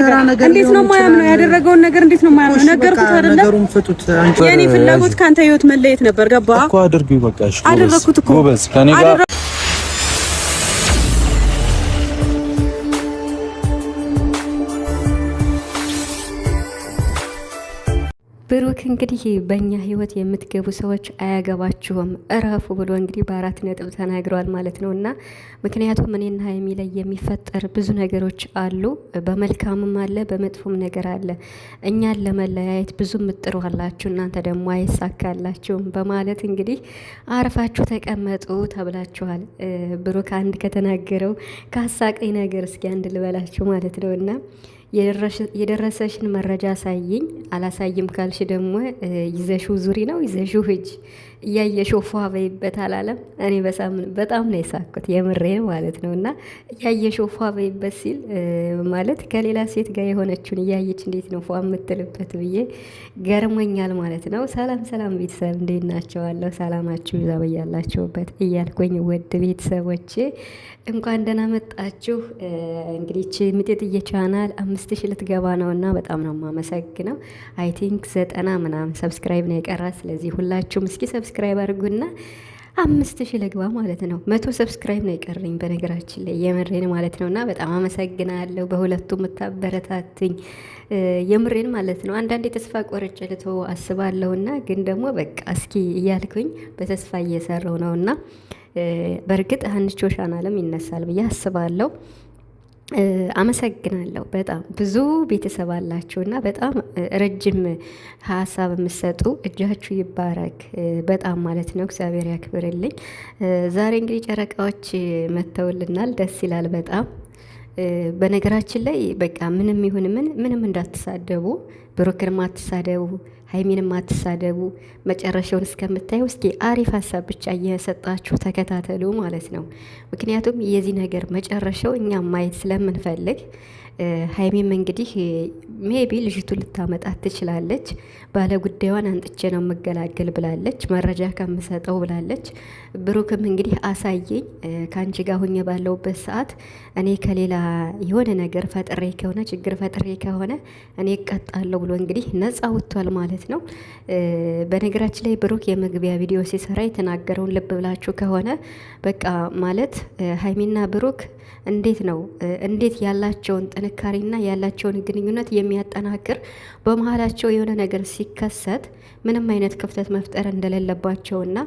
ያወራውን ነገር እንዴት ነው የማያምነው? ያደረገውን ነገር እንዴት ነው የማያምነው? ነገርኩት አይደለ? የኔ ፍላጎት ከአንተ ህይወት መለየት ነበር። ገባ እኮ አድርጉ። በቃ እሺ፣ አደረኩት እኮ ብሩክ እንግዲህ በእኛ ህይወት የምትገቡ ሰዎች አያገባችሁም እረፉ ብሎ እንግዲህ በአራት ነጥብ ተናግረዋል ማለት ነው። እና ምክንያቱም እኔና ሀይሚ ላይ የሚፈጠር ብዙ ነገሮች አሉ፣ በመልካምም አለ፣ በመጥፎም ነገር አለ። እኛን ለመለያየት ብዙ ምጥሩ አላችሁ፣ እናንተ ደግሞ አይሳካላችሁም በማለት እንግዲህ አርፋችሁ ተቀመጡ ተብላችኋል። ብሩክ አንድ ከተናገረው ከአሳቀኝ ነገር እስኪ አንድ ልበላችሁ ማለት ነው እና የደረሰሽን መረጃ አሳይኝ፣ አላሳይም ካልሽ ደግሞ ይዘሽው ዙሪ ነው ይዘሽው ሂጅ። እያየ ሾፏ በይበት አላለም። እኔ በሳምን በጣም ነው የሳኩት የምሬ ማለት ነው። እና እያየ ሾፏ በይበት ሲል ማለት ከሌላ ሴት ጋር የሆነችውን እያየች እንዴት ነው ፏ የምትልበት ብዬ ገርሞኛል ማለት ነው። ሰላም ሰላም ቤተሰብ እንዴት ናቸዋለሁ? ሰላማችሁ ይብዛ በያላችሁበት እያልኩኝ ውድ ቤተሰቦቼ እንኳን ደህና መጣችሁ። እንግዲህ ምጤጥዬ ቻናል አምስት ሺህ ልትገባ ነው እና በጣም ነው የማመሰግነው። አይ ቲንክ ዘጠና ምናምን ሰብስክራይብ ነው የቀራት። ስለዚህ ሁላችሁም እስኪ ሰብስ ሰብስክራይብ አድርጉና አምስት ሺህ ልግባ ማለት ነው። መቶ ሰብስክራይብ ነው የቀረኝ በነገራችን ላይ የምሬን ማለት ነው። እና በጣም አመሰግናለሁ በሁለቱ የምታበረታትኝ የምሬን ማለት ነው። አንዳንዴ ተስፋ ቆርጬ ልተው አስባለሁ እና ግን ደግሞ በቃ እስኪ እያልኩኝ በተስፋ እየሰራው ነው እና በእርግጥ ሀንቾ ቻናልም ይነሳል ብዬ አስባለሁ። አመሰግናለሁ በጣም ብዙ ቤተሰብ አላችሁ እና በጣም ረጅም ሀሳብ የምትሰጡ እጃችሁ ይባረክ። በጣም ማለት ነው እግዚአብሔር ያክብርልኝ። ዛሬ እንግዲህ ጨረቃዎች መጥተውልናል። ደስ ይላል በጣም በነገራችን ላይ በቃ ምንም ይሁን ምን ምንም እንዳትሳደቡ፣ ብሩክንም አትሳደቡ፣ ሀይሚንም አትሳደቡ። መጨረሻውን እስከምታየው እስኪ አሪፍ ሀሳብ ብቻ እየሰጣችሁ ተከታተሉ ማለት ነው። ምክንያቱም የዚህ ነገር መጨረሻው እኛም ማየት ስለምንፈልግ ሀይሚም እንግዲህ ሜቢ ልጅቱ ልታመጣት ትችላለች። ባለ ጉዳዩን አንጥቼ ነው የምገላገል ብላለች። መረጃ ከምሰጠው ብላለች። ብሩክም እንግዲህ አሳየኝ፣ ከአንቺ ጋር ሁኜ ባለውበት ሰዓት እኔ ከሌላ የሆነ ነገር ፈጥሬ ከሆነ ችግር ፈጥሬ ከሆነ እኔ እቀጣለሁ ብሎ እንግዲህ ነጻ ወጥቷል ማለት ነው። በነገራችን ላይ ብሩክ የመግቢያ ቪዲዮ ሲሰራ የተናገረውን ልብ ብላችሁ ከሆነ በቃ ማለት ሀይሚና ብሩክ እንዴት ነው እንዴት ያላቸውን ጥንካሬና ያላቸውን ግንኙነት የሚያጠናክር በመሀላቸው የሆነ ነገር ሲከሰት ምንም አይነት ክፍተት መፍጠር እንደሌለባቸውና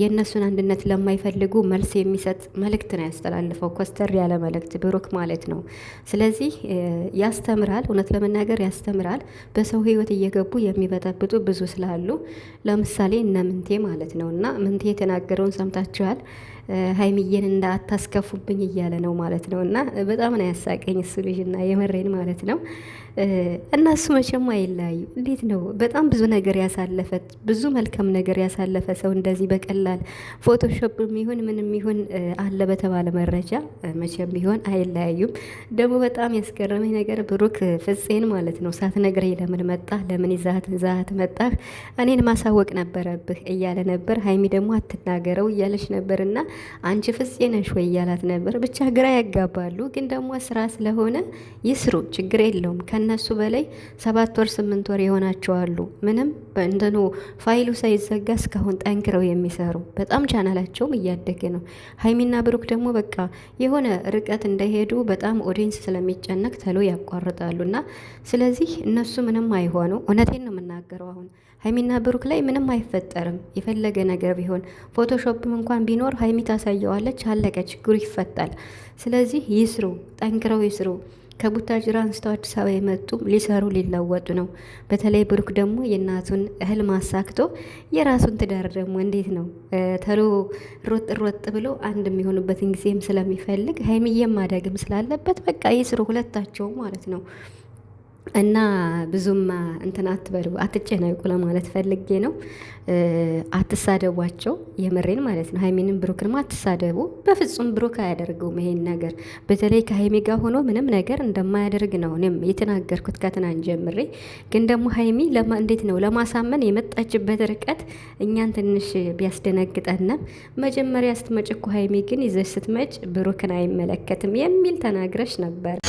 የእነሱን አንድነት ለማይፈልጉ መልስ የሚሰጥ መልእክት ነው ያስተላልፈው። ኮስተር ያለ መልእክት ብሩክ ማለት ነው። ስለዚህ ያስተምራል፣ እውነት ለመናገር ያስተምራል። በሰው ህይወት እየገቡ የሚበጠብጡ ብዙ ስላሉ ለምሳሌ እነ ምንቴ ማለት ነው እና ምንቴ የተናገረውን ሰምታችኋል። ሀይሚዬን እንዳታስከፉብኝ እያለ ነው ማለት ነው። እና በጣም ነው ያሳቀኝ እሱ ልጅ እና የመሬን ማለት ነው። እና እሱ መቼም አይለያዩ። እንዴት ነው በጣም ብዙ ነገር ያሳለፈ ብዙ መልካም ነገር ያሳለፈ ሰው እንደዚህ በቀላል ፎቶሾፕ የሚሆን ምንም ይሁን አለ በተባለ መረጃ መቼም ቢሆን አይለያዩም። ደግሞ በጣም ያስገረመኝ ነገር ብሩክ ፍጼን ማለት ነው ሳትነግረኝ ለምን መጣህ? ለምን ይዛት ዛት መጣህ? እኔን ማሳወቅ ነበረብህ እያለ ነበር። ሀይሚ ደግሞ አትናገረው እያለች ነበርና አንቺ ፍፄ ነሽ ወይ እያላት ነበር። ብቻ ግራ ያጋባሉ። ግን ደግሞ ስራ ስለሆነ ይስሩ፣ ችግር የለውም። ከነሱ በላይ ሰባት ወር ስምንት ወር የሆናቸዋሉ። ምንም እንትኑ ፋይሉ ሳይዘጋ እስካሁን ጠንክረው የሚሰሩ በጣም ቻናላቸውም እያደገ ነው። ሀይሚና ብሩክ ደግሞ በቃ የሆነ ርቀት እንዳይሄዱ በጣም ኦዲንስ ስለሚጨነቅ ተሎ ያቋርጣሉ እና ስለዚህ እነሱ ምንም አይሆኑ እውነቴን ነው። የሚናገረው አሁን ሀይሚና ብሩክ ላይ ምንም አይፈጠርም። የፈለገ ነገር ቢሆን ፎቶሾፕም እንኳን ቢኖር ሀይሚ ታሳየዋለች፣ አለቀ፣ ችግሩ ይፈታል። ስለዚህ ይስሩ፣ ጠንክረው ይስሩ። ከቡታጅራ አንስተው አዲስ አበባ የመጡ ሊሰሩ ሊለወጡ ነው። በተለይ ብሩክ ደግሞ የእናቱን እህል ማሳክቶ የራሱን ትዳር ደግሞ እንዴት ነው ተሎ ሮጥ ሮጥ ብሎ አንድ የሚሆኑበትን ጊዜም ስለሚፈልግ ሀይሚዬም ማደግም ስላለበት በቃ ይስሩ ሁለታቸው ማለት ነው። እና ብዙም እንትን አትበሉ አትጨነቁ ለማለት ፈልጌ ነው። አትሳደቧቸው፣ የምሬን ማለት ነው። ሀይሚንም ብሩክንም አትሳደቡ በፍጹም። ብሩክ አያደርገውም ይሄን ነገር፣ በተለይ ከሀይሚ ጋር ሆኖ ምንም ነገር እንደማያደርግ ነው እኔም የተናገርኩት ከትናንት ጀምሬ። ግን ደግሞ ሀይሚ እንዴት ነው ለማሳመን የመጣችበት ርቀት እኛን ትንሽ ቢያስደነግጠንም፣ መጀመሪያ ስትመጭ እኮ ሀይሚ ግን ይዘሽ ስትመጭ ብሩክን አይመለከትም የሚል ተናግረሽ ነበር።